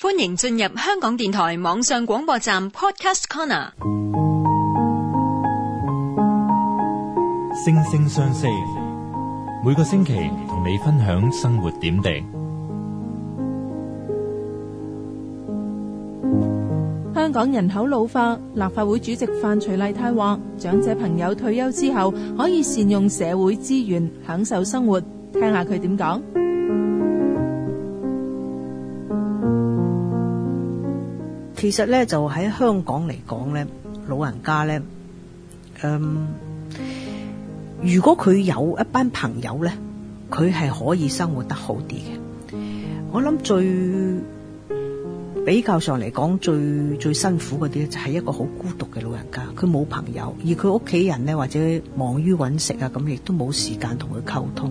歡迎進入香港電台網上廣播站 Podcast Corner，星聲相識，每個星期同你分享生活點滴。香港人口老化，立法會主席范徐麗泰話：長者朋友退休之後可以善用社會資源，享受生活。聽下佢點講。其實咧，就喺香港嚟講咧，老人家咧，嗯，如果佢有一班朋友咧，佢係可以生活得好啲嘅。我諗最比較上嚟講最最辛苦嗰啲咧，就係一個好孤獨嘅老人家，佢冇朋友，而佢屋企人咧或者忙於揾食啊，咁亦都冇時間同佢溝通，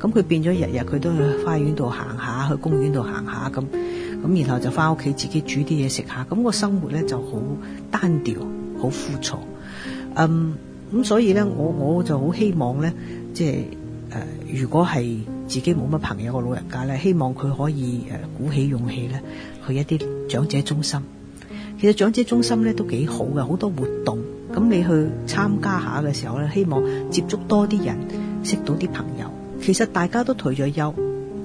咁佢變咗日日佢都去花園度行下，去公園度行下咁，咁然後就返屋企自己煮啲嘢食下，咁個生活咧就好單調，好枯燥。嗯，咁所以咧，我我就好希望咧，即係誒，如果係，自己冇乜朋友嘅老人家咧，希望佢可以誒、呃、鼓起勇氣咧去一啲長者中心。其實長者中心咧都幾好嘅，好多活動。咁你去參加下嘅時候咧，希望接觸多啲人，識到啲朋友。其實大家都退咗休，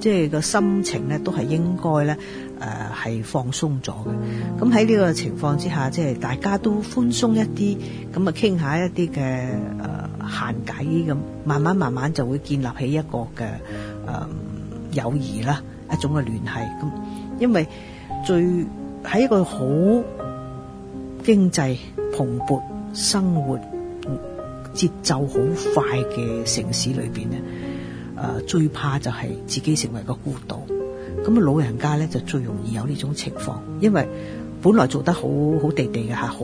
即、就、係、是、個心情咧都係應該咧誒係放鬆咗嘅。咁喺呢個情況之下，即、就、係、是、大家都寬鬆一啲，咁啊傾下一啲嘅誒閒偈咁，慢慢慢慢就會建立起一個嘅。誒、呃，友誼啦，一種嘅聯繫咁，因為最喺一個好經濟蓬勃、生活節奏好快嘅城市裏邊咧，誒、呃，最怕就係自己成為一個孤島。咁啊老人家咧就最容易有呢種情況，因為本來做得好好地地嘅吓，好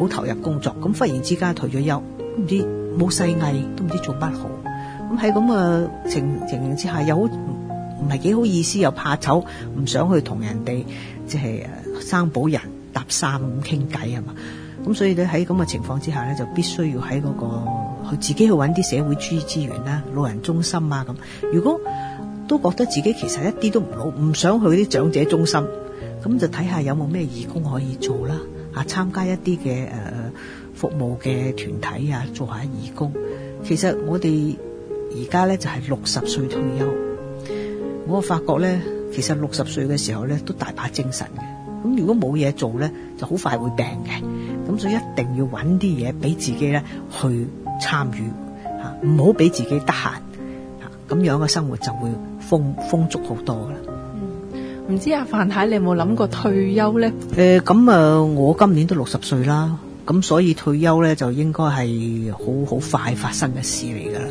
好投入工作，咁忽然之間退咗休，唔知冇世藝，都唔知做乜好。咁喺咁嘅情情形之下，又唔唔係幾好意思，又怕醜，唔想去同人哋即係生保人搭訕咁傾偈啊嘛。咁所以咧喺咁嘅情況之下咧，就必須要喺嗰、那個去自己去揾啲社會主義資源啦，老人中心啊咁。如果都覺得自己其實一啲都唔老，唔想去啲長者中心，咁就睇下有冇咩義工可以做啦。啊，參加一啲嘅誒服務嘅團體啊，做下義工。其實我哋～而家咧就係六十歲退休，我發覺咧，其實六十歲嘅時候咧都大把精神嘅。咁如果冇嘢做咧，就好快會病嘅。咁所以一定要揾啲嘢俾自己咧去參與，吓唔好俾自己得閒，吓咁樣嘅生活就會豐豐足好多啦。嗯、唔知阿范太，你有冇諗過退休咧？誒、呃、咁、呃、啊、呃，我今年都六十歲啦，咁、呃、所以退休咧就應該係好好快發生嘅事嚟噶啦。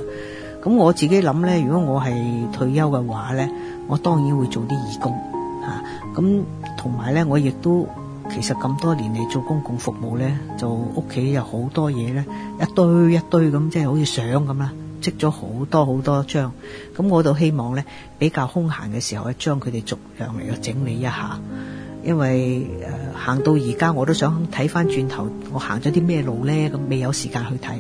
咁我自己諗咧，如果我係退休嘅話咧，我當然會做啲義工吓。咁同埋咧，我亦都其實咁多年嚟做公共服務咧，就屋企有好多嘢咧，一堆一堆咁，即係好似相咁啦，積咗好多好多張。咁我就希望咧，比較空閑嘅時候，將佢哋逐樣嚟去整理一下。因為誒行，呃、到而家，我都想睇翻轉頭，我行咗啲咩路咧，咁未有時間去睇。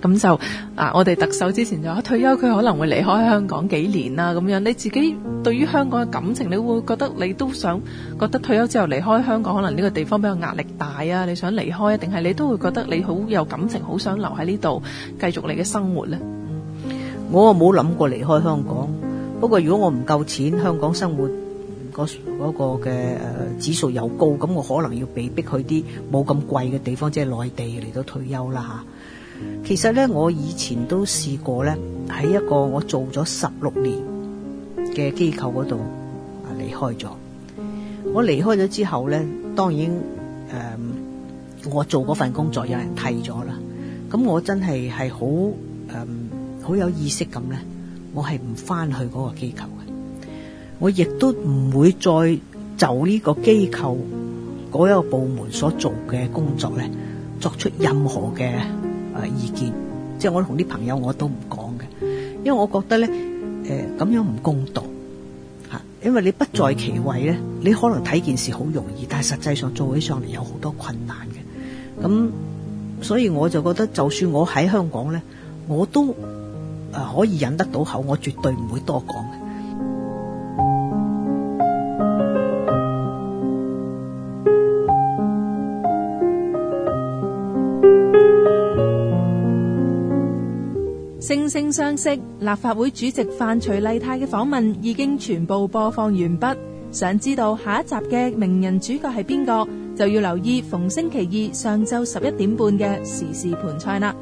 咁就啊，我哋特首之前就話退休，佢可能會離開香港幾年啦。咁樣你自己對於香港嘅感情，你會覺得你都想覺得退休之後離開香港，可能呢個地方比較壓力大啊？你想離開，定係你都會覺得你好有感情，好想留喺呢度繼續你嘅生活呢？我冇諗過離開香港。不過如果我唔夠錢，香港生活嗰嗰個嘅誒指數又高，咁我可能要被逼去啲冇咁貴嘅地方，即係內地嚟到退休啦嚇。其實咧，我以前都試過咧，喺一個我做咗十六年嘅機構嗰度啊，離開咗。我離開咗之後咧，當然誒、呃，我做嗰份工作有人替咗啦。咁我真係係好誒，好、呃、有意識咁咧，我係唔返去嗰個機構嘅。我亦都唔會再就呢個機構嗰一個部門所做嘅工作咧，作出任何嘅。誒、啊，意見即係我同啲朋友我都唔講嘅，因為我覺得咧，誒、呃、咁樣唔公道吓、啊，因為你不在其位咧，你可能睇件事好容易，但係實際上做起上嚟有好多困難嘅，咁、啊、所以我就覺得，就算我喺香港咧，我都誒可以忍得到口，我絕對唔會多講嘅。 星聲相識，立法會主席范徐麗泰嘅訪問已經全部播放完畢。想知道下一集嘅名人主角係邊個，就要留意逢星期二上晝十一點半嘅時事盤菜啦。